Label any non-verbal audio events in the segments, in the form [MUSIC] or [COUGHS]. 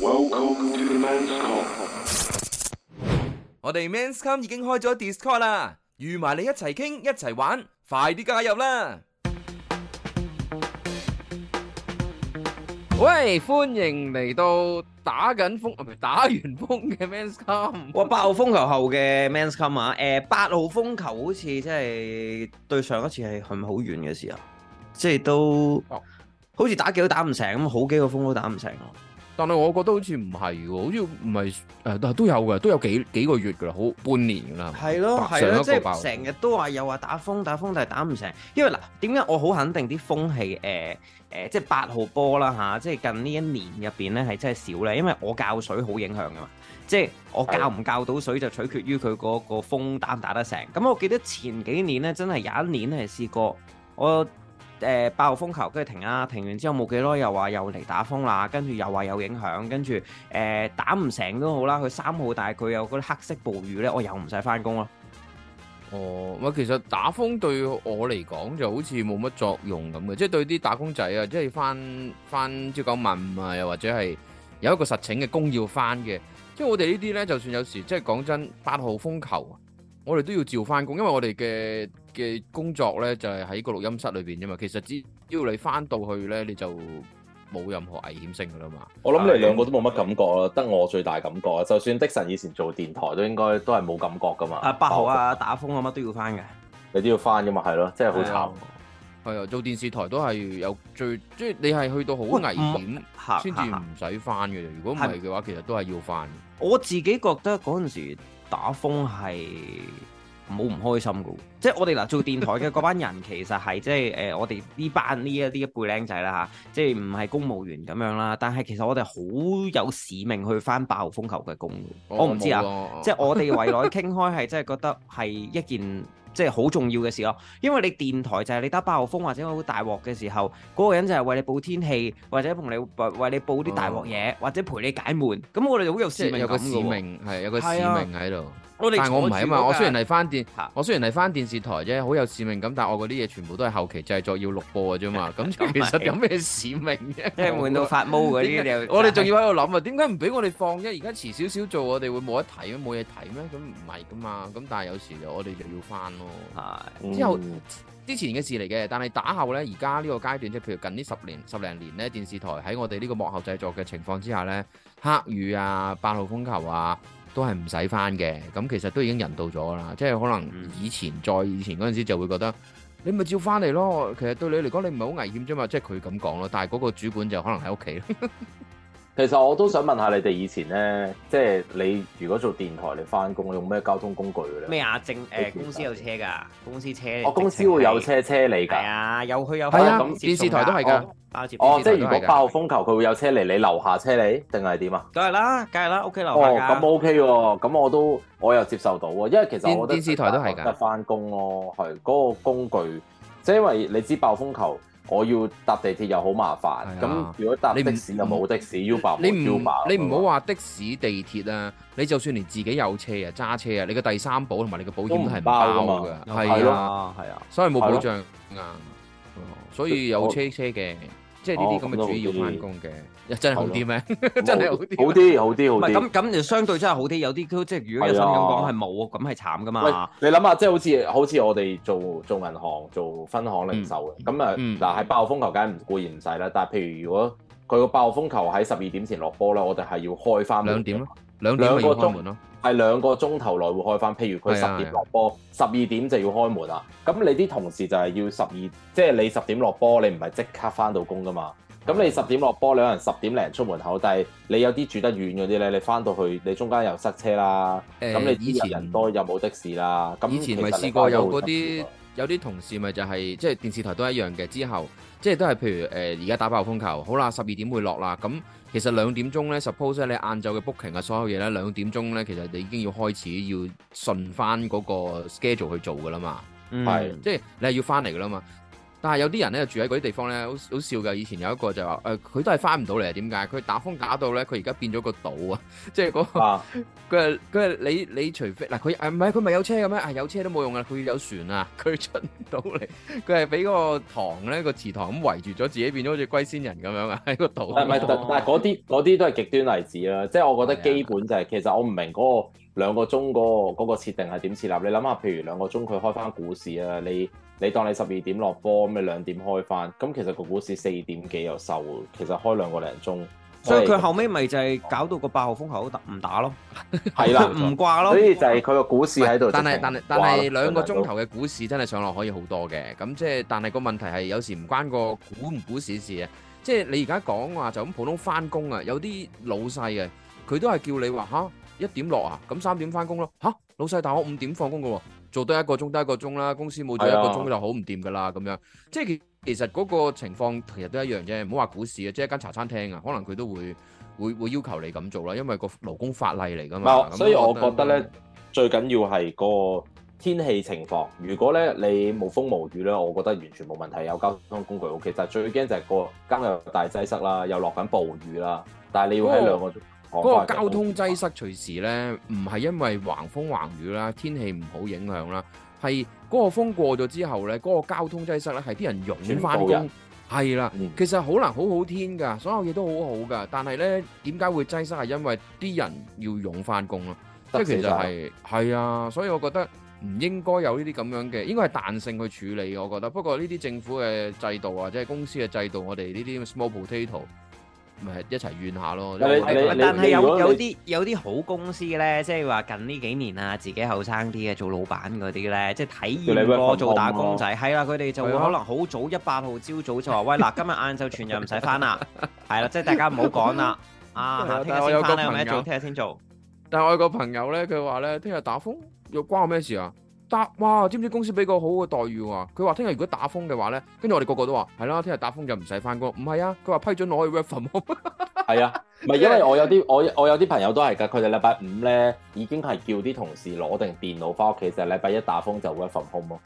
Welcome to the Men's Come。我哋 Men's Come 已經開咗 Discord 啦，預埋你一齊傾一齊玩，快啲加入啦！喂，歡迎嚟到打緊風，打完風嘅 Men's Come。 哇，八號風球後嘅 Men's Come 啊！誒、呃，八號風球好似即係對上一次係係咪好遠嘅時候？即係都好似打幾都打唔成，咁好幾個風都打唔成。但係我覺得好似唔係喎，好似唔係誒，但、呃、係都有嘅，都有幾幾個月嘅啦，好半年嘅啦。係咯的，係咯，即係成日都話有話打風，打風但係打唔成，因為嗱，點解我好肯定啲風係誒誒，即係八號波啦吓、啊，即係近呢一年入邊咧係真係少咧，因為我教水好影響嘅嘛，即係我教唔教到水就取決於佢嗰個風打唔打得成。咁、嗯、我記得前幾年咧，真係有一年係試過我。誒、呃、八號風球，跟住停啦，停完之後冇幾耐又話又嚟打風啦，跟住又話有影響，跟住誒打唔成都好啦。佢三號，但係佢有嗰啲黑色暴雨咧，我又唔使翻工咯。哦、呃，咪其實打風對我嚟講就好似冇乜作用咁嘅，即係對啲打工仔啊，即係翻翻朝九晚五啊，又或者係有一個實情嘅工要翻嘅。即係我哋呢啲咧，就算有時即係講真八號風球。我哋都要照翻工，因為我哋嘅嘅工作咧就係喺個錄音室裏邊啫嘛。其實只要你翻到去咧，你就冇任何危險性噶啦嘛。我諗你哋兩個都冇乜感覺咯，得我最大感覺。就算的神以前做電台都應該都係冇感覺噶嘛。啊，八號啊，打風啊乜都要翻嘅，你都要翻噶嘛，係咯，真係好慘。係啊，做電視台都係有最，即係你係去到好危險先至唔使翻嘅。如果唔係嘅話，其實都係要翻。我自己覺得嗰陣時。打風係冇唔開心噶，即係我哋嗱做電台嘅嗰班人，其實係 [LAUGHS] 即係誒、呃，我哋呢班呢一啲一輩僆仔啦嚇，即係唔係公務員咁樣啦，但係其實我哋好有使命去翻八號風球嘅工的。哦、我唔知啊，了即係我哋為內傾開係，真係 [LAUGHS] 覺得係一件。即係好重要嘅事咯，因為你電台就係你打八號風或者好大鑊嘅時候，嗰、嗰個人就係為你報天氣，或者同你為你報啲大鑊嘢，或者陪你解悶。咁我哋好有使命感，有個使命係有個使命喺度。但係我唔係啊嘛，我雖然係翻電，啊、我雖然係翻電視台啫，好有使命感。但係我嗰啲嘢全部都係後期製作要錄播嘅啫嘛。咁其實有咩使命啫、啊？悶 [LAUGHS] [LAUGHS] 得到發毛嗰啲又， [LAUGHS] 我哋仲要喺度諗啊，點解唔俾我哋放？啫而家遲少少做，我哋會冇得睇咩？冇嘢睇咩？咁唔係噶嘛。咁但係有時就我哋就要翻咯。係之後之前嘅事嚟嘅，但係打後咧，而家呢個階段即係譬如近呢十年十零年咧，電視台喺我哋呢個幕後製作嘅情況之下咧，黑雨啊，八號風球啊。都係唔使翻嘅，咁其實都已經人到咗啦，即係可能以前再以前嗰陣時就會覺得你咪照翻嚟咯，其實對你嚟講你唔係好危險啫嘛，即係佢咁講咯，但係嗰個主管就可能喺屋企。其實我都想問下你哋以前咧，即係你如果做電台，你翻工用咩交通工具嘅咧？咩啊？正誒、呃、公司有車㗎，公司車、哦。我公司會有車車你㗎。係啊，有去有返。啊、哦，咁那電視台都係㗎，哦，哦即係是如果暴風球佢會有車嚟，你樓下車嚟，定係點啊？梗係啦，梗係啦，OK 樓下哦，咁 OK 喎，咁我都我又接受到喎，因為其實我覺得電，電視台都係㗎。得翻工咯，係嗰、那個工具，即係因為你知暴風球。我要搭地鐵又好麻煩，咁如果搭的士又冇的士，Uber 冇 Uber。你唔好話的士、地鐵啊，你就算連自己有車啊、揸車啊，你嘅第三保同埋你嘅保險都係唔包㗎，係啊，係啊，所以冇保障啊，所以有車車嘅。即係呢啲咁嘅主意要翻工嘅，嗯、真係好啲咩？嗯、 [LAUGHS] 真係好啲，好啲，好啲，唔係咁咁就相對真係好啲。有啲即係如果一生咁講係冇，咁係慘噶嘛。你諗下，即係好似好似我哋做做銀行做分行零售嘅，咁啊嗱，係暴那、嗯、風球梗係唔固然唔使啦。但係譬如如果佢個暴風球喺十二點前落波啦，我哋係要開翻兩點咯，兩個鐘。係兩個鐘頭內會開翻，譬如佢十點落波，十二的點就要開門啦。咁你啲同事就係要十二，即係你十點落波，你唔係即刻翻到工噶嘛？咁你十點落波，兩個人十點零出門口，但係你有啲住得遠嗰啲呢，你翻到去你中間又塞車啦。咁、呃、你以前人多又冇的士啦。咁以前咪試過，你班班過有嗰啲有啲同事咪就係即係電視台都一樣嘅，之後即係、就是、都係譬如誒而家打爆風球，好啦，十二點會落啦，咁。其實兩點鐘呢 suppose 你晏晝嘅 booking 嘅所有嘢呢，兩點鐘呢，其實你已經要開始要順返嗰個 schedule 去做㗎喇嘛，係，嗯、即係你係要返嚟㗎喇嘛。但係有啲人咧住喺嗰啲地方咧，好好笑嘅。以前有一個就話誒，佢、呃、都係翻唔到嚟，點解？佢打風打到咧，佢而家變咗個島、那個、啊！即係嗰個佢係佢係你，你除非嗱佢誒唔係佢咪有車咁咩？啊有車都冇用啊！佢有船啊，佢出唔到嚟。佢係俾個堂呢、那個、塘咧個池塘咁圍住咗，自己變咗好似龜仙人咁樣啊！喺 [LAUGHS] 個島。但係但係嗰啲嗰啲都係極端例子啦。即係我覺得基本就係、是、的其實我唔明嗰、那個。兩個鐘嗰個嗰個設定係點設立？你諗下，譬如兩個鐘佢開翻股市啊，你你當你十二點落波，咁你兩點開翻，咁其實個股市四點幾又收，其實開兩個零鐘。所以佢後尾咪就係搞到個八號風球打唔打咯？係啦，唔掛咯。所以就係佢個股市喺度。但係但係但係兩個鐘頭嘅股市真係上落可以好多嘅。咁即係但係個問題係有時唔關個股唔股市事啊。即係你而家講話就咁普通翻工啊，有啲老細啊佢都係叫你話吓。一點落啊，咁三點翻工咯嚇，老細大我五點放工嘅，做多一個鐘得一個鐘啦，公司冇咗一個鐘就好唔掂噶啦咁樣，即係其實嗰個情況其實都一樣啫，唔好話股市啊，即係一間茶餐廳啊，可能佢都會會會要求你咁做啦，因為個勞工法例嚟㗎嘛。不嗯、所以我覺得咧、嗯、最緊要係個天氣情況。如果咧你無風無雨咧，我覺得完全冇問題，有交通工具 O K。但係最驚就係個今日又大擠塞啦，又落緊暴雨啦，但係你要喺兩個鐘。哦。嗰個交通擠塞隨時咧，唔係因為橫風橫雨啦，天氣唔好影響啦，係嗰個風過咗之後咧，嗰、嗰個交通擠塞咧係啲人湧翻工，係啦。的嗯、其實好難好好天噶，所有嘢都好好噶，但係咧點解會擠塞係因為啲人要湧翻工咯，即係其實係係啊。所以我覺得唔應該有呢啲咁樣嘅，應該係彈性去處理。我覺得不過呢啲政府嘅制度或者係公司嘅制度，我哋呢啲 small potato。咪一齊怨下咯！但係有你有啲有啲好公司咧，即係話近呢幾年啊，自己後生啲嘅做老闆嗰啲咧，即係體驗過做打工仔係啦，佢哋、啊啊、就會可能好早一八號朝早就話 [LAUGHS] 喂嗱，今日晏晝全日唔使翻啦，係啦、 [LAUGHS] 啊，即係大家唔好講啦。 [LAUGHS] 啊，聽日先翻有咩做？聽日先做。但係我有個朋友咧，佢話咧，聽日打風又關我咩事啊？答哇，知唔知公司俾個好好嘅待遇喎、啊？佢話聽日如果打風嘅話咧，跟住我哋個個都話係啦，聽日、啊、打風就唔使翻工。唔係啊，佢話批准我可以 work from home。係啊，唔係 [LAUGHS] 因為我有啲我我有啲朋友都係㗎，佢哋禮拜五咧已經係叫啲同事攞定電腦翻屋企，就係禮拜一打風就會 work from home。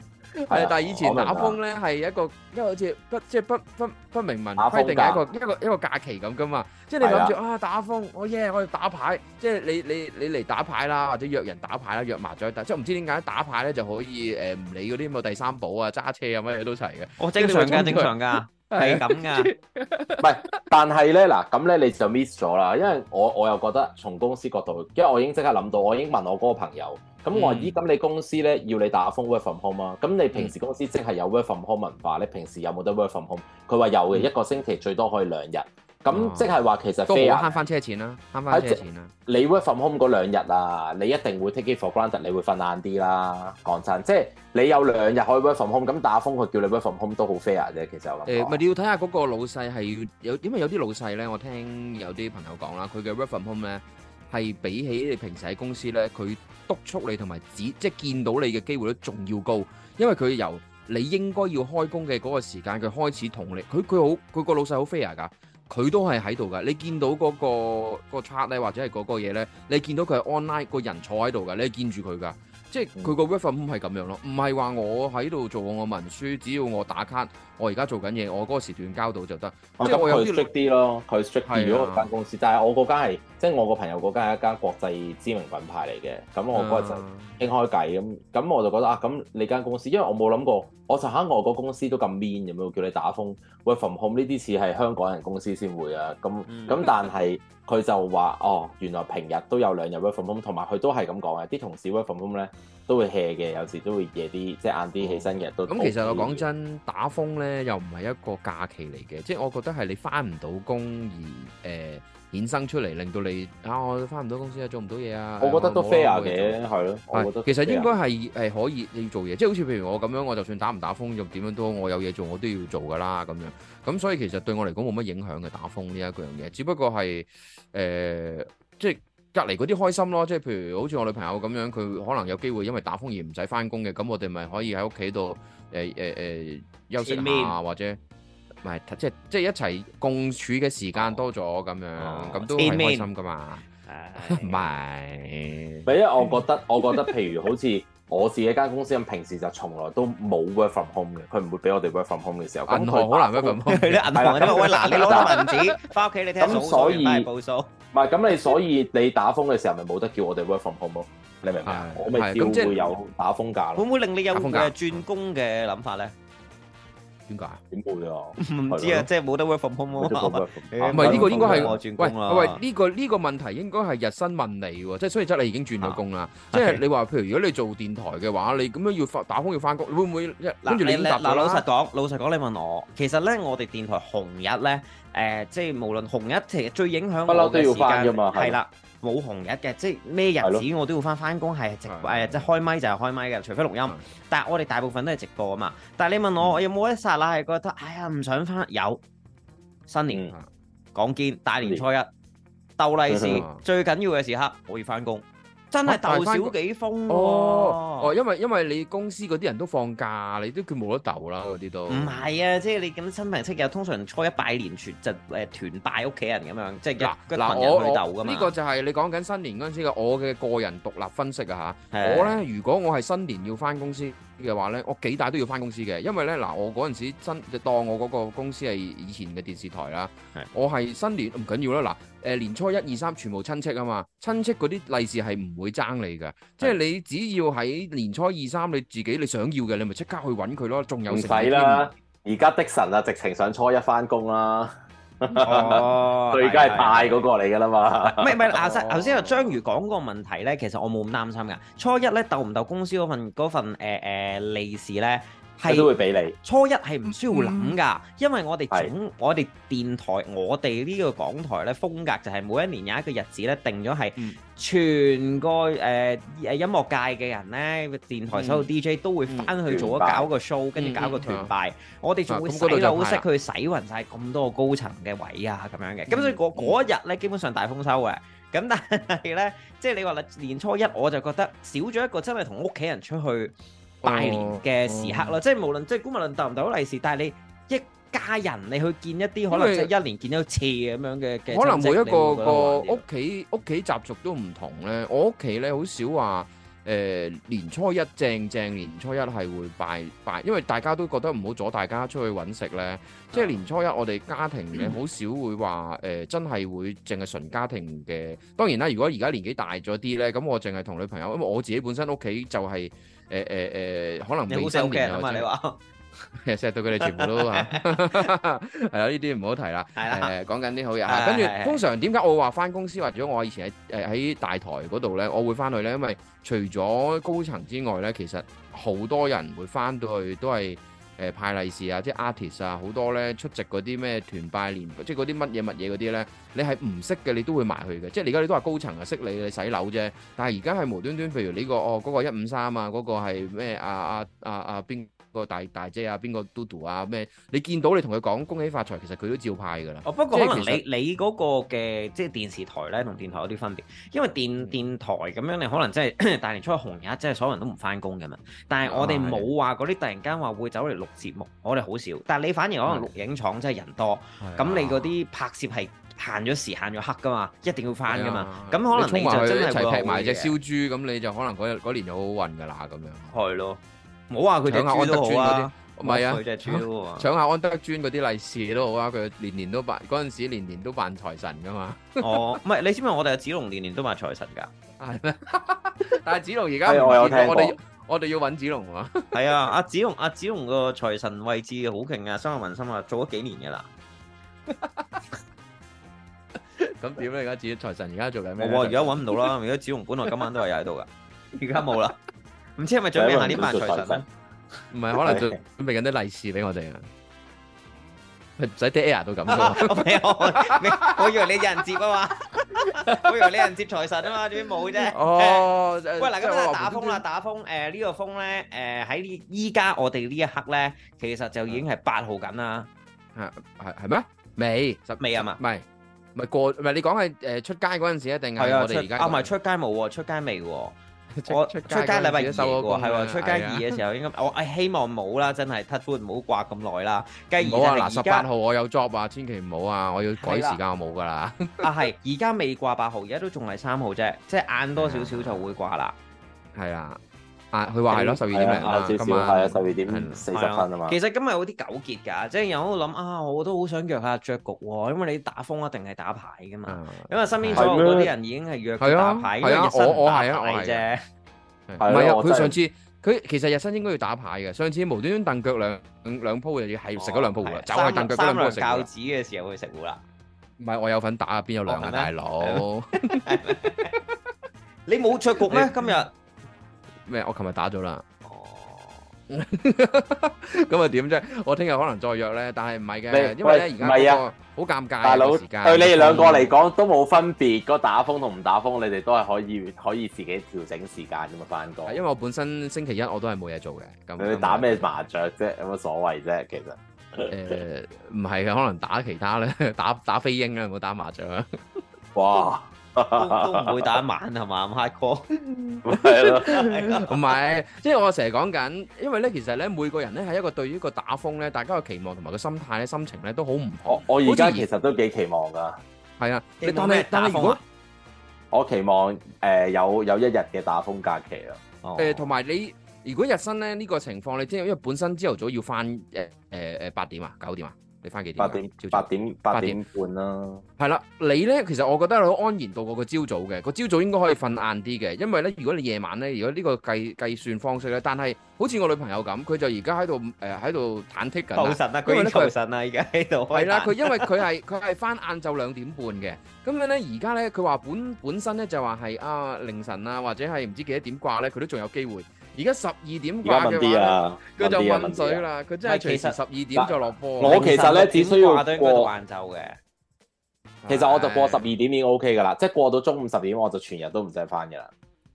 係，但係以前打風咧，係一個因為好似不即係、就是、不不不明文規定嘅一個一個一個假期咁噶嘛。即係你諗住的啊打風，我耶，我要打牌。即係你你你嚟打牌啦，或者約人打牌啦，約麻雀但即係唔知點解打牌咧就可以誒唔、呃、理嗰啲乜第三寶啊、揸車啊乜嘢都齊嘅、哦。正常㗎，正常㗎，係咁㗎。唔 [LAUGHS] 但係咧嗱，咁咧你就 miss 咗啦，因為我我又覺得從公司角度，因為我已經即刻諗到，我已經問我嗰個朋友。咁我話咦？咁、嗯、你公司咧要你打風 work from home 啊？咁你平時公司即係有 work from home 文化，你平時有冇得 work from home？佢話有嘅，嗯、一個星期最多可以兩日。咁即係話其實飛啊，慳翻車錢啦，慳翻車錢啦。是你 work from home 嗰兩日啊，你一定會 take it for granted，你會瞓晏啲啦。啊、講真，即係你有兩日可以 work from home，咁打風佢叫你 work from home 都好 fair 啫。其實我諗誒，咪你、呃、要睇下嗰個老細係要有，因為有啲老細咧，我聽有啲朋友講啦，佢嘅 work from home 咧。係比起你平時喺公司呢，佢督促你同埋指，即係見到你嘅機會率仲要高，因為佢由你應該要開工嘅嗰個時間，佢開始同你，佢佢好，佢個老細好 fair 㗎，佢都係喺度㗎。你見到嗰個個 chart 咧，或者係嗰個嘢呢，你見到佢係 online，個人坐喺度㗎，你係見住佢㗎。即係佢個 workflow 係咁樣咯，唔係話我喺度做我文書，只要我打卡，我而家做緊嘢，我嗰個時段交到就得。即係我有啲力啲咯，佢 strict 啲咗我間公司，嗯嗯、但係我嗰間係即係我個朋友嗰間係一間國際知名品牌嚟嘅，咁我嗰陣傾開偈咁，咁我就覺得啊，咁你間公司，因為我冇諗過。我就喺外國公司都咁 mean，有冇叫你打風，work from home 呢啲似係香港人公司先會啊！咁咁但係佢就話哦，原來平日都有兩日 work from home，同埋佢都係咁講嘅，啲同事 work from home 咧都會 hea 嘅，有時都會夜啲即係晏啲起身嘅。都咁其實我講真，打風咧又唔係一個假期嚟嘅，即係我覺得係你翻唔到工而誒。衍生出嚟令到你啊，我翻唔到公司啊，做唔到嘢啊。我覺得都 fair 嘅了，係咯了。我覺得其實應該係係可以你要做嘢，即係好似譬如我咁樣，我就算打唔打風又點樣都，我有嘢做我都要做㗎啦咁樣。咁所以其實對我嚟講冇乜影響嘅打風呢一樣嘢，只不過係誒，即係隔離嗰啲開心咯。即係譬如好似我女朋友咁樣，佢可能有機會因為打風而唔使翻工嘅，咁我哋咪可以喺屋企度誒誒誒休息下前面 或者。咪即係即係一齊共處嘅時間多咗咁樣，咁都幾開心噶嘛？誒唔係，唔係因為我覺得，我覺得譬如好似我自己間公司咁，平時就從來都冇 work from home 嘅，佢唔會俾我哋 work from home 嘅時候，銀行好難 work from home，係啦，咁我拿你攞銀紙翻屋企，你聽數，你帶報數。唔係，咁你所以你打風嘅時候，咪冇得叫我哋 work from home 咯？你明唔明啊？我咪會有打風假。會唔會令你有轉工嘅諗法咧？點解？點會啊？唔知啊，的即係冇得 work from home，k 唔係呢個應該係喂，轉工啦喂呢、這個呢、這個問題應該係日薪問你嘅喎，所以即係你已經轉咗工啦。嗯、即係你話，譬如如果你做電台嘅話，你咁樣要發打風要翻工，你會唔會跟住你答答？老實講，老實講，你問我，其實咧，我哋電台紅日咧，誒、呃，即係無論紅日其實最影響我哋時間嘛。係啦。冇紅日嘅，即係咩日子我都要翻翻工，係對的 直誒是的 即係開麥就係開麥嘅，除非錄音。是的 但係我哋大部分都係直播啊嘛。但係你問我，我有冇一剎那係覺得，哎呀唔想翻？有新年講見是的，大年初一鬥利是最緊要嘅時刻，我要翻工。真係鬥少幾封，啊？哦！哦，因為因為你公司嗰啲人都放假，你都佢冇得鬥啦，啲都。唔係啊，即係你咁親朋戚友，通常初一拜年全就誒團拜屋企人咁樣，即係，啊啊、去嗱我我呢，呢個就係你講緊新年嗰陣時嘅我嘅個人獨立分析啊嚇！是我咧如果我係新年要翻公司。嘅話呢，我幾大都要返公司嘅，因為呢，嗱，我嗰陣時真當我嗰個公司係以前嘅電視台啦，是的 我係新年唔緊要啦，嗱年初一二三全部親戚啊嘛，親戚嗰啲利是係唔會爭你嘅，是的 即係你只要喺年初二三你自己你想要嘅，你咪即刻去揾佢咯，仲有唔使啦，而家的神啊，直情想初一返工啦。哦，佢而家係派嗰個嚟㗎啦嘛，唔係唔係，啱頭先阿章魚講嗰個問題咧，其實我冇咁擔心㗎，初一咧鬥唔鬥公司嗰份嗰份誒誒、欸欸、利是咧。係是都會俾你。初一係唔需要諗㗎，嗯嗯、因為我哋總是我哋電台，我哋呢個港台咧風格就係每一年有一個日子咧定咗係全個誒誒、呃、音樂界嘅人咧，電台所有 DJ、嗯、都會翻去做一個搞個 show，跟住、嗯、搞個團拜。嗯嗯、我哋仲會、啊嗯、洗就識佢洗暈晒咁多個高層嘅位啊咁樣嘅。咁、嗯嗯嗯、所以嗰一日咧，基本上大豐收嘅。咁但係咧，即、就、係、是、你話啦，年初一我就覺得少咗一個真係同屋企人出去。拜年嘅時刻啦，嗯、即係無論、嗯、即係估物估得唔得好利是大大大，但係你一家人你去見一啲為可能即係一年見一次咁樣嘅，可能每一個一個屋企屋企習俗都唔同咧。我屋企咧好少話。誒、呃、年初一正正年初一係會拜拜，因為大家都覺得唔好阻大家出去揾食呢。即係年初一我哋家庭嘅好少會話誒、呃，真係會淨係純家庭嘅。當然啦，如果而家年紀大咗啲呢，咁我淨係同女朋友，因為我自己本身屋企就係誒誒誒，可能未生有嘅成日到佢哋全部都嚇，係啊！呢啲唔好提啦。係啦，講緊啲好嘢。跟住通常點解我話翻公司？或者我以前喺誒喺大台嗰度咧，我會翻去咧，因為除咗高層之外咧，其實好多人會翻到去都係誒派利是啊，啲 artist 啊，好多咧出席嗰啲咩團拜年，即係嗰啲乜嘢乜嘢嗰啲咧，你係唔識嘅，你都會埋去嘅。即係你而家你都話高層啊，識你你洗樓啫。但係而家係無端端，譬如呢個哦，嗰個一五三啊，嗰個係咩啊啊啊啊邊？個大大姐啊，邊個嘟嘟 d 啊咩？你見到你同佢講恭喜發財，其實佢都照派噶啦。哦，不過可能你你嗰個嘅即係電視台咧，同電台有啲分別，因為電電台咁樣，你可能真、就、係、是、 [COUGHS] 大年初一紅日，即、就、係、是、所有人都唔翻工噶嘛。但係我哋冇話嗰啲突然間話會走嚟錄節目，我哋好少。但係你反而可能錄影廠真係人多，咁、嗯、你嗰啲拍攝係限咗時、限咗刻噶嘛，一定要翻噶嘛。咁、啊、可能你就真係劈埋隻燒豬，咁你就可能嗰日嗰年就好運噶啦咁樣。係咯。唔好話佢搶下安德尊嗰啲，唔係啊，搶、啊啊、下安德尊嗰啲利是都好啊！佢年年都扮，嗰陣時年年都扮財神噶嘛。 [LAUGHS] 哦，唔係，你知唔知我哋阿紫龍年年都扮財神噶？係咩？ [LAUGHS] 但係紫龍而家唔係，我哋我哋要揾紫龍 [LAUGHS] 啊！係啊，阿紫龍阿紫龍個財神位置好勁啊！深得民心啊！做咗幾年噶啦？咁點咧？而家紫財神而家做緊咩？我而家揾唔到啦！而家紫龍本來今晚都係有喺度噶，而家冇啦。 [LAUGHS] 唔知係咪準備下啲萬財神咧？唔係，可能準備緊啲利是俾我哋啊！唔使嗲啊，都咁多。我我以為你有人接啊嘛，我以為你有人接財神啊嘛，點解冇啫？哦，喂，嗱，今日打風啦，打風。誒，呢個風咧，誒，喺依家我哋呢一刻咧，其實就已經係八號緊啦。係係係咩？未實未啊嘛？未，咪過咪？你講係誒出街嗰陣時啊？定係我哋而家？哦，唔係出街冇喎，出街未喎？我出街禮拜二嘅係喎，出街，我出街二嘅、啊、吧時候應該是、啊、我誒、哎、希望冇啦，真係 touch wood 唔好掛咁耐啦。雞二我話嗱十八號我有 job 啊，千祈唔好啊，我要改時間是、啊、我冇噶啦。 [LAUGHS] 啊係，而家未掛八號，號而家都仲係三號啫，即係晏多少少就會掛啦。係是啊。啊！佢話係咯，十二點零啊，少少係啊，十二點四十分啊嘛。其實今日有啲糾結㗎，即係人喺度諗啊，我都好想約下雀局喎，因為你打風一定係打牌㗎嘛。因為身邊所有嗰啲人已經係約緊打牌，因為日新打牌啫。唔係啊，佢上次佢其實日新應該要打牌嘅。上次無端端凳腳兩兩鋪嘅嘢係食咗兩鋪嘅，走下凳腳嗰兩鋪食。三兩餃子嘅時候去食糊啦。唔係，我有份打，邊有兩個大佬？你冇雀局咩？今日？咩？我琴日打咗啦。哦，咁啊點啫？我聽日可能再約咧，但係唔係嘅，喂因為咧而家個好尷、啊、尬大佬哥，時間，對你哋兩個嚟講都冇分別，個打風同唔打風，你哋都係可以可以自己調整時間噶嘛，返工。因為我本身星期一我都係冇嘢做嘅。咁，你打咩麻雀啫？有乜所謂啫？其實有有，誒、 [LAUGHS] 呃，唔係嘅，可能打其他咧，打打飛鷹啊，冇打麻雀啊。 [LAUGHS] 哇！都唔會打一晚係嘛，咁 high？唔係即係我成日講緊，因為咧，其實咧，每個人咧係一個對於個打風咧，大家嘅期望同埋個心態咧、心情咧，都好唔。好。我而家像其實都幾期望噶。係啊，你打咩打風啊？我期望誒、呃、有有一日嘅打風假期啊，誒、嗯、同埋、呃、你如果日薪咧呢、這個情況，你知因為本身朝頭早要翻誒誒誒八點啊九點啊。你翻幾點？八點八點八點半啦、啊。係啦，你咧，其實我覺得好安然度過個朝早嘅，個朝早應該可以瞓晏啲嘅，因為咧，如果你夜晚咧，如果呢個計計算方式咧，但係好似我女朋友咁，佢就而家喺度誒喺度忐忑緊啦，求神啦，佢因為佢求神啦，而家喺度係啦，佢因為佢係佢係翻晏晝兩點半嘅，咁樣咧，而家咧佢話本本身咧就話係啊凌晨啊或者係唔知幾多點掛咧，佢都仲有機會。而家十二點掛嘅話咧，佢就混水啦。佢真係隨時十二點就落播。其實我其實咧只需要都過晏晝嘅。其實我就過十二點已經 OK 噶啦，哎、即係過到中午十二點，我就全日都唔使返噶啦。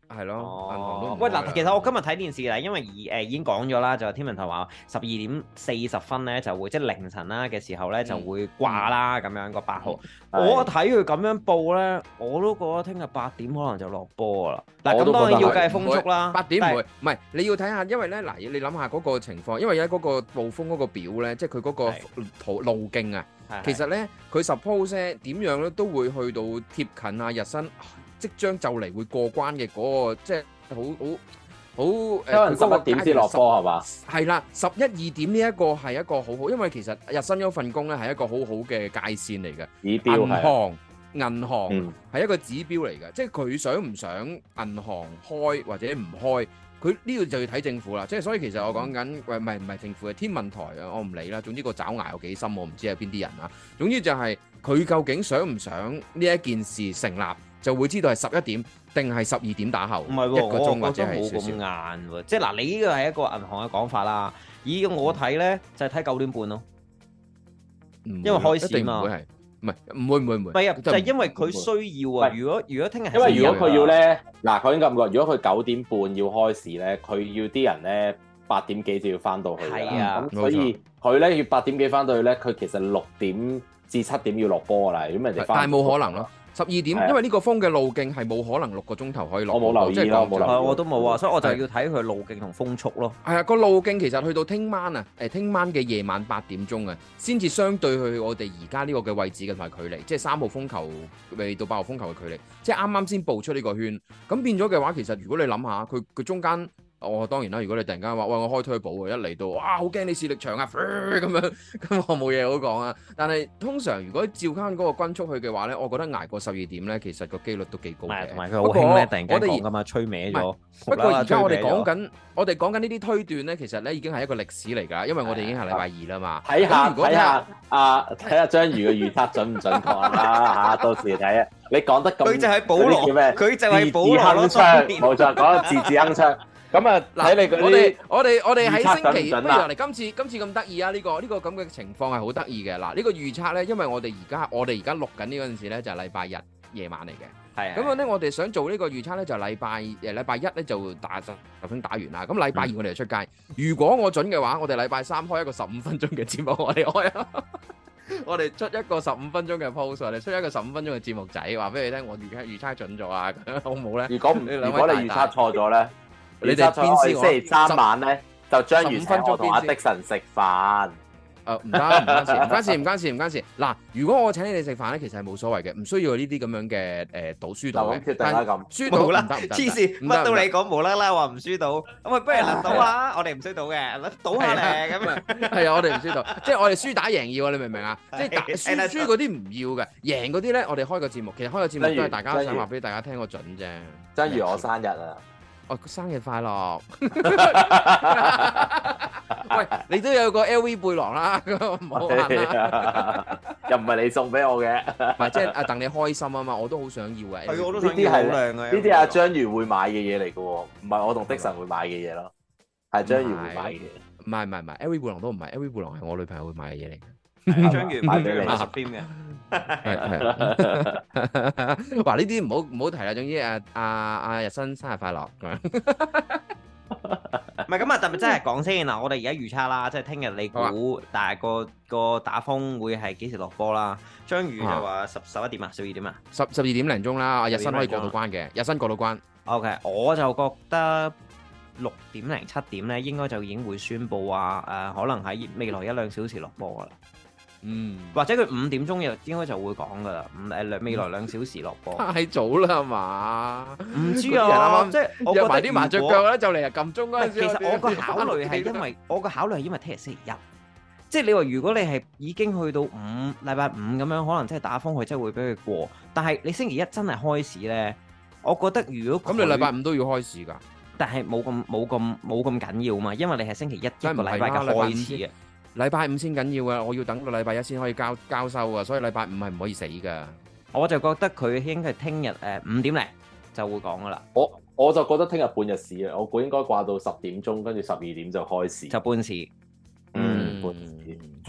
係咯，喂嗱，哦、其實我今日睇電視嘅，因為已誒、呃、已經講咗啦，就係、天文台話十二點四十分咧就會即、係、凌晨啦嘅時候咧就會掛啦咁、嗯、樣個八號。嗯、是我睇佢咁樣報咧，我都覺得聽日八點可能就落波啦。嗱，咁當然要計風速啦。八點唔會，唔係是你要睇下，因為咧嗱，你諗下嗰個情況，因為而家嗰個暴風嗰個表咧，即佢嗰個路徑啊，其實咧佢 suppose 點樣咧都會去到貼近啊日新。即將就嚟會過關嘅嗰個，即係好好好，差唔多十一點先落波，係嘛？係啦，十一二點呢一個係一個好好，因為其實日新有份工咧係一個好好嘅界線嚟嘅。指標係銀行，銀行係一個指標嚟嘅，即係佢想唔想銀行開或者唔開，佢呢度就要睇政府啦。即係所以其實我講緊喂，唔係唔係政府嘅天文台啊，我唔理啦。總之個爪牙有幾深，我唔知係邊啲人啦。總之就係佢究竟想唔想呢一件事成立？就會知道係十一點定係十二點打後，唔係喎，我覺得冇咁晏喎，即係嗱，你呢個係一個銀行嘅講法啦。以我睇咧就係睇九點半咯，因為開市啊嘛，唔係唔會唔會唔會，就係因為佢需要啊。如果如果聽日，因為如果佢要咧嗱，佢應該咁講，如果佢九點半要開市咧，佢要啲人咧八點幾就要翻到去啦。咁所以佢咧要八點幾翻到去咧，佢其實六點至七點要落波噶啦。咁人哋但係冇可能咯。十二點，的因為呢個風嘅路徑係冇可能六個鐘頭可以落。我冇留意啊，我都冇啊，所以我就要睇佢路徑同風速咯。係啊，個路徑其實去到聽晚啊，誒聽晚嘅夜晚八點鐘啊，先至相對去我哋而家呢個嘅位置嘅同埋距離，即係三號風球未到八號風球嘅距離，即係啱啱先步出呢個圈。咁變咗嘅話，其實如果你諗下佢佢中間。我當然啦，如果你突然間話喂，我開推補喎，一嚟到哇好驚你視力長啊，咁樣咁我冇嘢好講啊。但係通常如果照翻嗰個軍速去嘅話咧，我覺得捱過十二點咧，其實個機率都幾高嘅。同埋佢好興咧，突然間講㗎嘛，吹歪咗。不過而家我哋講緊，我哋講緊呢啲推斷咧，其實咧已經係一個歷史嚟㗎，因為我哋已經係禮拜二啦嘛。睇下睇下啊，睇下章魚嘅預測準唔準確啦。到時睇啊，你講得咁，佢就係保羅咩？佢就係保羅咯，冇錯，講到字字鏗鏘。咁啊！嗱，我哋我哋我哋喺星期，不如嚟今次今次咁得意啊！呢個呢個咁嘅情況係好得意嘅。嗱，呢個預測咧，因為我哋而家我哋而家錄緊呢嗰陣時咧，就係禮拜日夜晚嚟嘅。係。咁樣咧，我哋想做呢個預測咧，就禮拜誒禮拜一咧就打就先打完啦。咁禮拜二我哋就出街。如果我準嘅話，我哋禮拜三開一個十五分鐘嘅節目，我哋開啊！我哋出一個十五分鐘嘅 post，我哋出一個十五分鐘嘅節目仔，話俾你聽，我預預測準咗啊！好唔好咧？如果唔如果你預測錯咗咧？你哋邊先？星期三晚咧就將余五分鐘同阿的神食飯。誒唔關事，唔關事，唔關事，唔關事。嗱，如果我請你哋食飯咧，其實係冇所謂嘅，唔需要呢啲咁樣嘅誒賭輸賭但輸賭唔得，黐線乜都你講，無啦啦話唔輸到，咁啊不如嚟到下我哋唔需要賭嘅，賭係靚咁啊。係啊，我哋唔需到。即係我哋輸打贏要，你明唔明啊？即係打輸輸嗰啲唔要嘅，贏嗰啲咧，我哋開個節目，其實開個節目都係大家想話俾大家聽個準啫。真如我生日啊！哦，生日快樂！喂，你都有個 LV 背囊啦，咁唔好行啦，又唔係你送俾我嘅，唔係即係啊，等你開心啊嘛，我都好想要嘅，呢啲係好靚啊，呢啲阿章魚會買嘅嘢嚟嘅喎，唔係我同的神會買嘅嘢咯，係章魚會買嘅，唔係唔係唔係，LV 背囊都唔係，LV 背囊係我女朋友會買嘅嘢嚟，章魚買俾你，合片嘅。係係，哇！ [LAUGHS] 呢啲唔好唔好提啦。總之誒、啊，阿、啊、阿、啊、日新生，生日快樂咁樣。唔係咁啊，特別真係講先嗱，我哋而家預測啦，即係聽日你估大個個打風會係幾時落波啦？張宇就話十十一點啊，十二點啊，十十二點零鐘啦。阿日新可以過到關嘅，啊、日新過到關。OK，我就覺得六點零七點咧，應該就已經會宣布話誒、呃，可能喺未來一兩小時落波㗎啦。嗯，或者佢五點鐘入應該就會講噶啦，唔誒兩未來兩小時落波。太早啦，係嘛？唔知啊，即係我覺得啲麻雀腳咧就嚟啊！撳鐘嗰陣時其實我個考慮係因為我個考慮係因為聽日星期一，即係你話如果你係已經去到五禮拜五咁樣，可能即係打風，佢真係會俾佢過。但係你星期一真係開始咧，我覺得如果咁你禮拜五都要開始㗎，但係冇咁冇咁冇咁緊要嘛，因為你係星期一個禮拜嘅開始啊。禮拜五先緊要啊！我要等個禮拜一先可以交交收啊，所以禮拜五係唔可以死噶，呃。我就覺得佢應該係聽日誒五點零就會講噶啦。我我就覺得聽日半日市啊，我估應該掛到十點鐘，跟住十二點就開始，就半市，嗯半。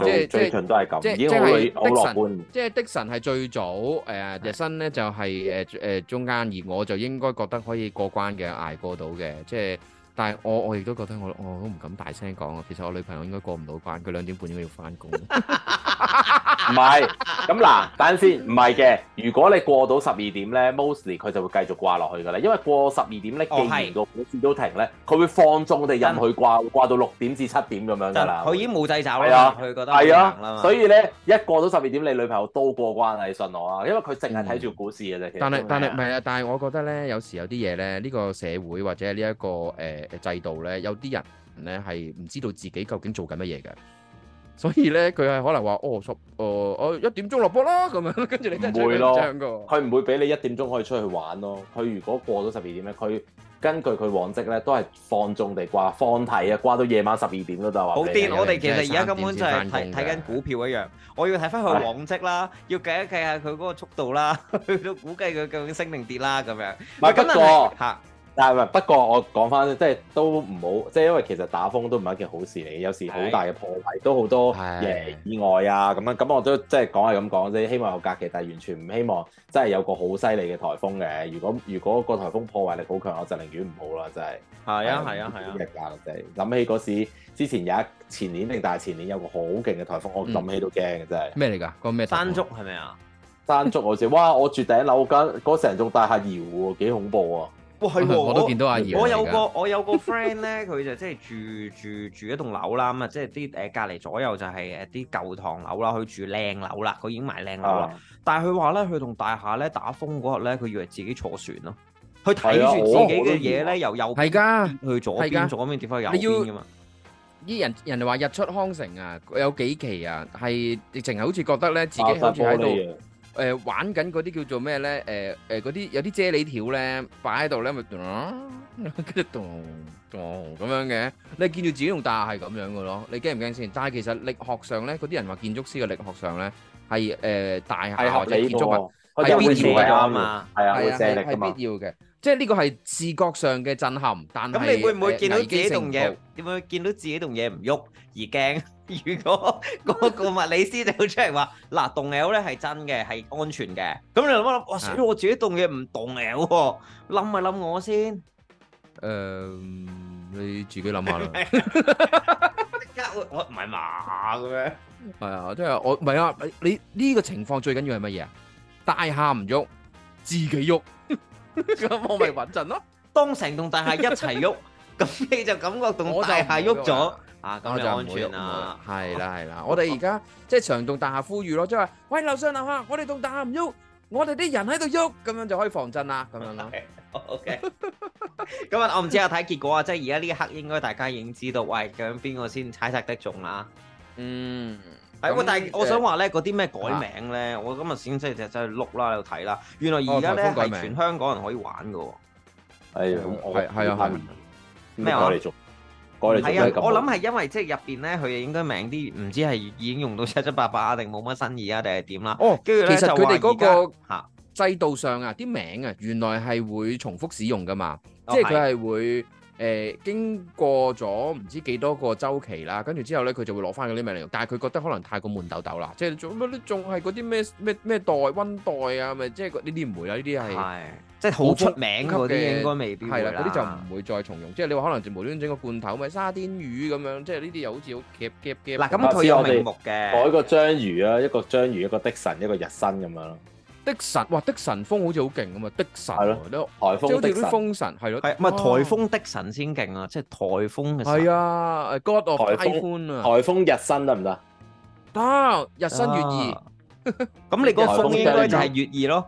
做即係是最近都係咁，即係即係的神。即係的神係最早誒日新咧，就係誒誒中間，而我就應該覺得可以過關嘅，捱過到嘅。即係，但係我我亦都覺得我我都唔敢大聲講。其實我女朋友應該過唔到關，佢兩點半應該要翻工。 [LAUGHS] [LAUGHS] 唔係，咁嗱， [LAUGHS] 等先，唔係嘅。如果你過到十二點咧，mostly 佢就會繼續掛落去噶啦。因為過十二點咧，哦、既然個股市都停咧，佢會放縱我哋入去掛，嗯、會掛到六點至七點咁樣噶啦。佢已經冇掣肘啦，佢、啊、覺得係啊，所以咧一過到十二點，你女朋友都過關啦。你信我啊，因為佢淨係睇住股市嘅啫。但係但係唔係啊？但係我覺得咧，有時有啲嘢咧，呢、呢個社會或者呢一個誒制度咧，有啲人咧係唔知道自己究竟做緊乜嘢嘅。所以咧，佢係可能話：哦，叔、呃，哦、啊，我一點鐘落波啦，咁樣跟住你真係最佢唔會俾你一點鐘可以出去玩咯。佢如果過咗十二點咧，佢根據佢往績咧，都係放縱地掛放題啊，掛到夜晚十二點都得。話。好啲，我哋其實而家根本就係睇睇緊股票一樣。我要睇翻佢往績啦，要計一計下佢嗰個速度啦， [LAUGHS] 都估計佢究竟升定跌啦咁樣。唔係急過但係唔，不過我講翻即係都唔好，即係因為其實打風都唔係一件好事嚟，有時好大嘅破壞，都好多嘢意外啊咁的樣。咁我都即係講係咁講啫，即希望有假期，但係完全唔希望真係有個好犀利嘅台風嘅。如果如果個台風破壞力好強，我就寧願唔好啦，真係。係啊的，係啊，係啊！真係諗起嗰時之前有一前年定大前，前年有個好勁嘅台風，我諗起都驚嘅真係。咩嚟㗎？個咩山竹係咪啊？山竹我知，哇！我住頂樓間，嗰成棟大廈搖喎，幾恐怖啊！哇係，我都見到阿爺。我有個我有個 friend 咧，佢就即係住住住一棟樓啦，咁啊，即係啲誒隔離左右就係誒啲舊唐樓啦。佢住靚樓啦，佢已經買靚樓啦。但係佢話咧，佢同大廈咧打風嗰日咧，佢以為自己坐船咯。佢睇住自己嘅嘢咧，由右邊去左邊，左邊左邊跌翻去右邊㗎嘛。啲人人哋話日出康城啊，有幾期啊，係直情係好似覺得咧自己係住喺度。誒、呃、玩緊嗰啲叫做咩咧？誒誒嗰啲有啲啫喱條咧擺喺度咧，咪咚咚咚咁樣嘅。你見住自己棟大廈係咁樣嘅咯，你驚唔驚先？但係其實力學上咧，嗰啲人話建築師嘅力學上咧係誒大廈或者建築物係必要嘅嘛。係啊，係啊，係必要嘅。即係呢個係視覺上嘅震撼，但係咁你會唔會見到自己棟嘢？點會見到自己棟嘢唔喐而驚？如果個物理師就出嚟話，嗱，棟樓咧，係真嘅係安全嘅，咁你諗一諗，哇！我自己棟嘢唔棟樓，諗咪諗我先。誒，你自己諗下啦。即刻我我唔係馬嘅咩？係啊，即係我唔係啊！你呢個情況最緊要係乜嘢啊？大廈唔喐，自己喐。咁我咪穩陣咯，當成棟大廈一齊喐，咁你就感覺到我哋喐咗，啊咁就安全啦。係啦係啦，我哋而家即係長棟大廈呼籲咯，即係話喂，樓上樓下，我哋棟大廈唔喐，我哋啲人喺度喐，咁樣就可以防震啦，咁樣啦。O K，今日我唔知啊，有睇結果，啊即係而家呢一刻應該大家已經知道，喂，咁邊個先猜晒的中啦？嗯。係，但係我想話咧，嗰啲咩改名咧，我今日先即係即係碌啦，又睇啦，原來而家咧係全香港人可以玩噶。係啊，係係啊，係咩啊？改嚟做，改嚟做都係咁。我諗係因為即係入邊咧，佢哋應該名啲，唔知係已經用到七七八八啊，定冇乜新意啊，定係點啦？哦，跟住咧，其實佢哋嗰個吓制度上啊，啲名啊，原來係會重複使用噶嘛，即係佢係會。誒經過咗唔知幾多個周期啦，跟住之後咧，佢就會攞翻嗰啲咩嚟用。但係佢覺得可能太過悶豆豆啦，即係做乜都仲係嗰啲咩咩咩袋温袋啊，咪即係呢啲唔會啦、啊，呢啲係係即係好出名嗰啲應該未必係啦、啊，嗰啲就唔會再重用。即係你話可能就無端端整個罐頭咪沙甸魚咁樣，即係呢啲又好似夾夾夾嗱咁佢有名目嘅改個章魚啊，一個章魚一個的神一個日新咁樣。的神，哇！的神風好似好勁咁啊！的神，係咯，都颱風的神，係咯。唔係颱風的神先勁啊！即係颱風嘅神。係啊，God of the typhoon 啊！颱風日新得唔得？得，日新月異。咁你個風應該就係月異咯。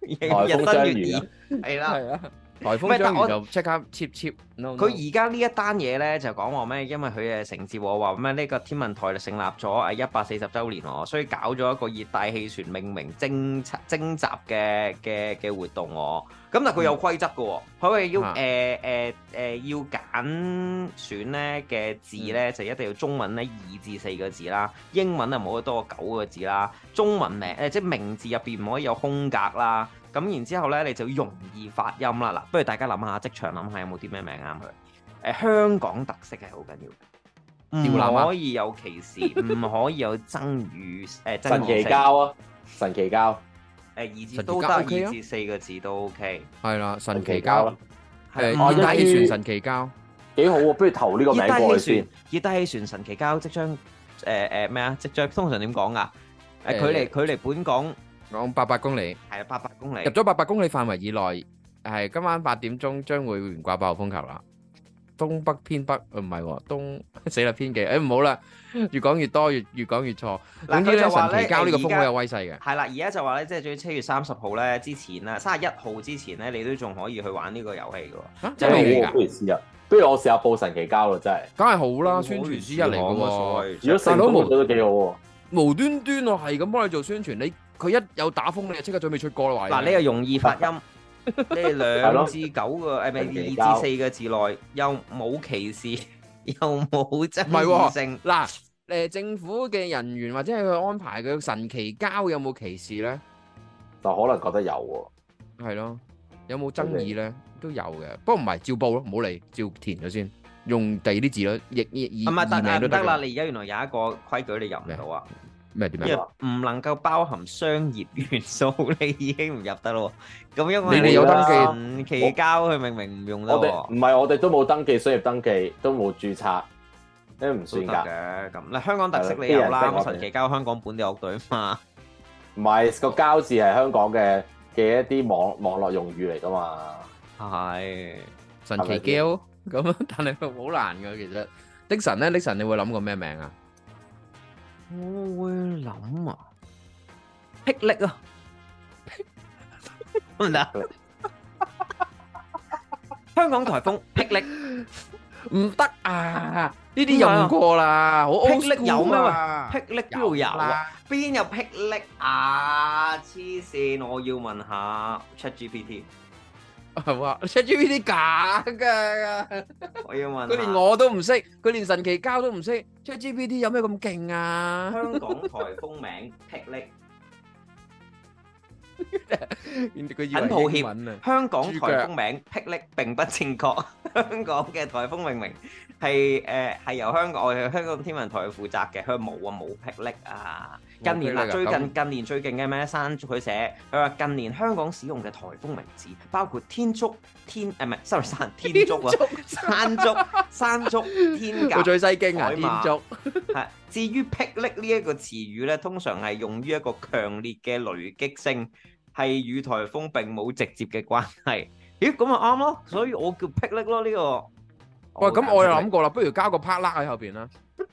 颱風日新月異，係啦，係啊。台風將我就即刻切切，佢而家呢一單嘢咧就講話咩？因為佢誒成節我話咩？呢、這個天文台就成立咗誒一百四十週年哦，所以搞咗一個熱帶氣旋命名徵徵集嘅嘅嘅活動哦。咁但佢有規則嘅，佢係、嗯、要誒誒誒要揀選咧嘅字咧，嗯、就一定要中文咧二至四個字啦，英文啊冇得多過九個字啦，中文名誒即係名字入邊唔可以有空格啦。咁然之後咧，你就容易發音啦。嗱，不如大家諗下，即場諗下有冇啲咩名啱佢？誒，香港特色係好緊要，唔可以有歧視，唔可以有爭與誒。神奇膠啊！神奇膠，誒二字都得，二至四個字都 OK。係啦，神奇膠，熱帶氣旋神奇膠，幾好喎！不如投呢個名過嚟算。熱帶氣旋神奇膠，即將誒誒咩啊？即將通常點講㗎？誒距離距離本港。講八百公里，係啊，八百公里入咗八百公里範圍以內，係今晚八點鐘將會懸掛八號風球啦。東北偏北，唔、啊、係、哦，東死啦偏幾，誒，唔、欸、好啦，越講越多，越越講越錯。總之，咧神奇交呢個風好有威勢嘅，係啦，而家就話咧，即係最七月三十號咧之前咧，三十一號之前咧，你都仲可以去玩呢個遊戲噶，真係噶。不如不如我試下報神奇交咯，真係。梗係好啦，啊，宣元書一嚟嘅，啊、如果成功做得幾好，啊。無端端我係咁幫你做宣傳，你佢一有打風你就即刻準備出歌啦，嗱，你又容易發音，即係兩至九個，係咪二至四個字內又冇歧視，又冇爭議性。嗱，誒政府嘅人員或者係佢安排嘅神奇膠有冇歧視咧？就可能覺得有喎。係咯，有冇爭議咧？都有嘅，不過唔係照報咯，唔好理，照填咗先。用第二啲字咯，亦以以以名都得。唔係得啊？得啦！你而家原來有一個規矩，你入唔到啊？咩點樣啊？唔能夠包含商業元素，你已經唔入得咯。咁因為你哋有登記，奇交佢明明唔用得。我哋唔係，我哋都冇登記商業登記，都冇註冊，都唔算噶。咁嗱，香港特色你有啦，咁神奇交香港本地樂隊嘛？唔係個膠字係香港嘅嘅一啲網網絡用語嚟噶嘛？係神奇交。咁啊，但係佢好難噶。其實，的神咧，的神，你會諗過咩名啊？我會諗啊，霹靂啊，唔得，香港颱風霹靂，唔得啊！呢啲用過啦，好霹靂有咩話？霹靂都有？邊有霹靂啊？黐綫！我要問下 ChatGPT。係嘛？ChatGPT 假，㗎，我要問佢，連我都唔識，佢連神奇膠都唔識，ChatGPT 有咩咁勁啊？香港颱風名霹靂。很抱歉，香港颱風名霹靂並不正確。香港嘅颱風命名係誒係由香港我哋香港天文台去負責嘅，佢冇啊冇霹靂啊。近年啦，okay, that s 最近近年最近嘅咩山竹佢寫，佢話近年香港使用嘅颱風名字包括天竹天，誒唔係 sorry 山天竹啊，山竹山竹天甲，我最西京啊馬天竹係。至於霹靂呢一個詞語咧，通常係用於一個強烈嘅雷擊性，係與颱風並冇直接嘅關係。咦咁啊啱咯，所以我叫霹靂咯呢、呢個。喂咁我又諗過啦，了不如加個 part 啦喺後邊啦、 [LAUGHS]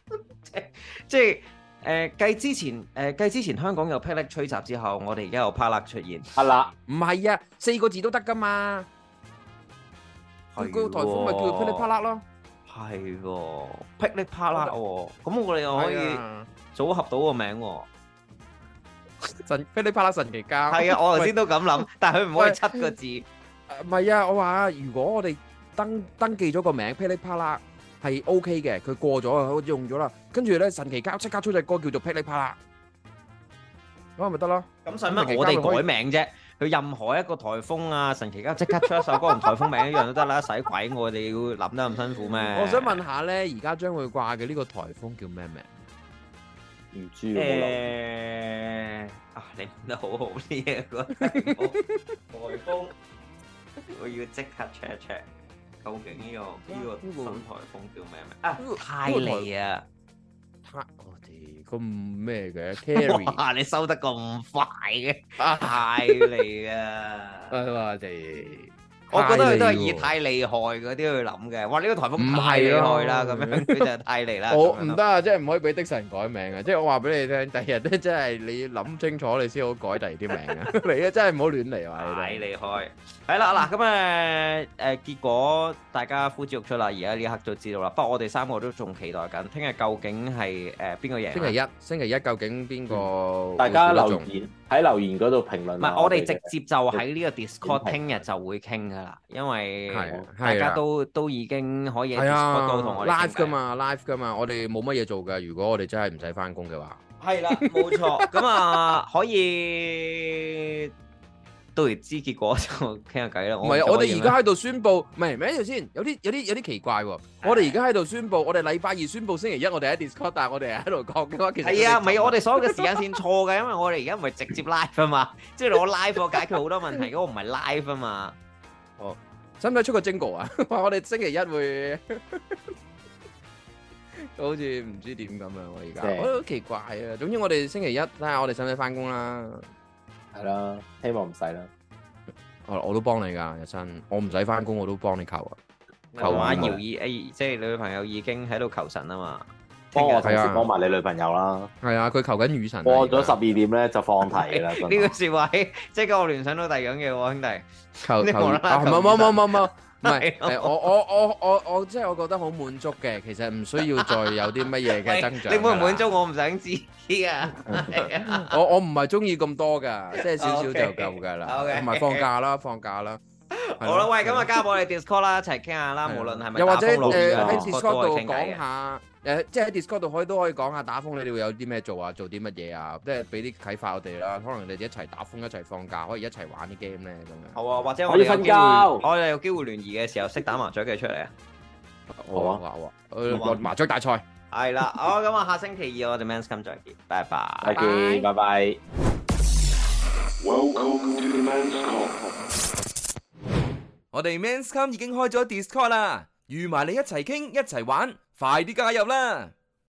就是，即即。誒，繼、呃、之前，誒、呃，繼之前香港有霹靂吹襲之後，我哋而家有啪啦出現。係啦，唔係啊，四、啊、個字都得噶嘛。佢個、啊、颱風咪叫霹靂啪啦咯。係喎、啊，霹靂啪啦喎，咁、嗯、我哋又可以組合到個名喎。神霹靂啪啦神奇家。係 [LAUGHS] 啊，我頭先都咁諗， [LAUGHS] 但係佢唔可以七個字。唔係 [LAUGHS] 啊，啊，我話如果我哋登登，登記咗個名，霹靂啪啦。係 OK 嘅，佢過咗啊，用咗啦。跟住咧，神奇家即刻出隻歌叫做《霹靂啪啦》，咁咪得咯。咁使乜我哋改名啫？佢任何一個台風啊，神奇家即刻出一首歌，同台風名一樣都得啦。使鬼我哋要諗得咁辛苦咩？我想問下咧，而家將會掛嘅呢個台風叫咩名？唔知誒，啊，你諗得好好啲啊，個台風，我要即刻 check check。究竟呢個呢個新颱風叫咩名？泰利啊！我哋咁咩嘅？Carrie！你收得咁快嘅？太厲啊！我哋，我覺得佢都係以太厲害嗰啲去諗嘅。哇！呢個颱風唔係咯，咁樣真係太厲啦！我唔得啊，即係唔可以俾的神改名啊！即係我話俾你聽，第日咧，即係你諗清楚，你先好改第二啲名啊！你啊，真係唔好亂嚟啊！太厲害。係啦，嗱咁，誒、誒結果大家呼之欲出啦，而家呢一刻就知道啦。不過我哋三個都仲期待緊，聽日究竟係誒邊個嘢？呃、星期一，星期一究竟邊個？大家留言喺留言嗰度評論。唔係，我哋直接就喺呢個 Discord，聽日就會傾噶啦。因為大家都都已經可以我。係啊，live 噶嘛，live 噶嘛，我哋冇乜嘢做噶。如果我哋真係唔使翻工嘅話，係 [LAUGHS] 啦，冇錯。咁啊，可以。都未知結果就傾下偈啦。唔係，我哋而家喺度宣布，唔係咩？頭先有啲有啲有啲奇怪喎。我哋而家喺度宣布，我哋禮拜二宣布，星期一我哋喺 Discord，但係我哋係喺度講嘅話，其實係啊，唔係我哋所有嘅時間線錯嘅，因為我哋而家唔係直接 live 啊嘛。即係我 live 解決好多問題，我唔係 live 啊嘛。哦，使唔使出個 jingle 啊？話我哋星期一會好似唔知點咁樣。我而家好奇怪啊。總之我哋星期一睇下我哋使唔使翻工啦。係啦， [MUSIC] 希望唔使啦。我我都幫你噶日新，我唔使翻工，我都幫你求啊。求玩搖耳，誒、嗯哎，即係你女朋友已經喺度求神啊嘛。幫我睇下，幫埋你女朋友啦。係啊，佢求緊雨神。在過咗十二點咧，就放題啦。呢 [LAUGHS] 的 [LAUGHS] 個說話，即係我聯想到第二種嘢喎，兄弟。冇冇冇冇冇。唔係，我我我我我即係我覺得好滿足嘅，其實唔需要再有啲乜嘢嘅增長。 [LAUGHS] 你滿唔滿足？我唔想知啊！ [LAUGHS] [LAUGHS] 我我唔係中意咁多噶，即係少少就夠噶啦。同埋 Okay. Okay. 放假啦，放假啦。 [LAUGHS] 好啦，喂，咁啊，加埋我哋 Discord 啦，一齊傾下啦。 [LAUGHS] 無論係咪打風落波，又或者嘅，喺 Discord 度講下。誒，即係喺 Discord 度可以都可以講下打風，你哋會有啲咩做啊？做啲乜嘢啊？即係俾啲啟發我哋啦。可能你哋一齊打風，一齊放假，可以一齊玩啲 game 咧咁樣。好啊，或者我哋瞓覺我哋有機會聯誼嘅時候，識打麻雀嘅出嚟啊！好啊，麻雀大賽係啦。好，咁啊，下星期二我哋 Men’s Come 再見，拜拜， [LAUGHS] 再見，拜拜 Bye。Bye bye. Welcome to the Men’s Come 我哋 Men’s Come 已經開咗 Discord 啦，預埋你一齊傾，一齊玩。快啲加入啦！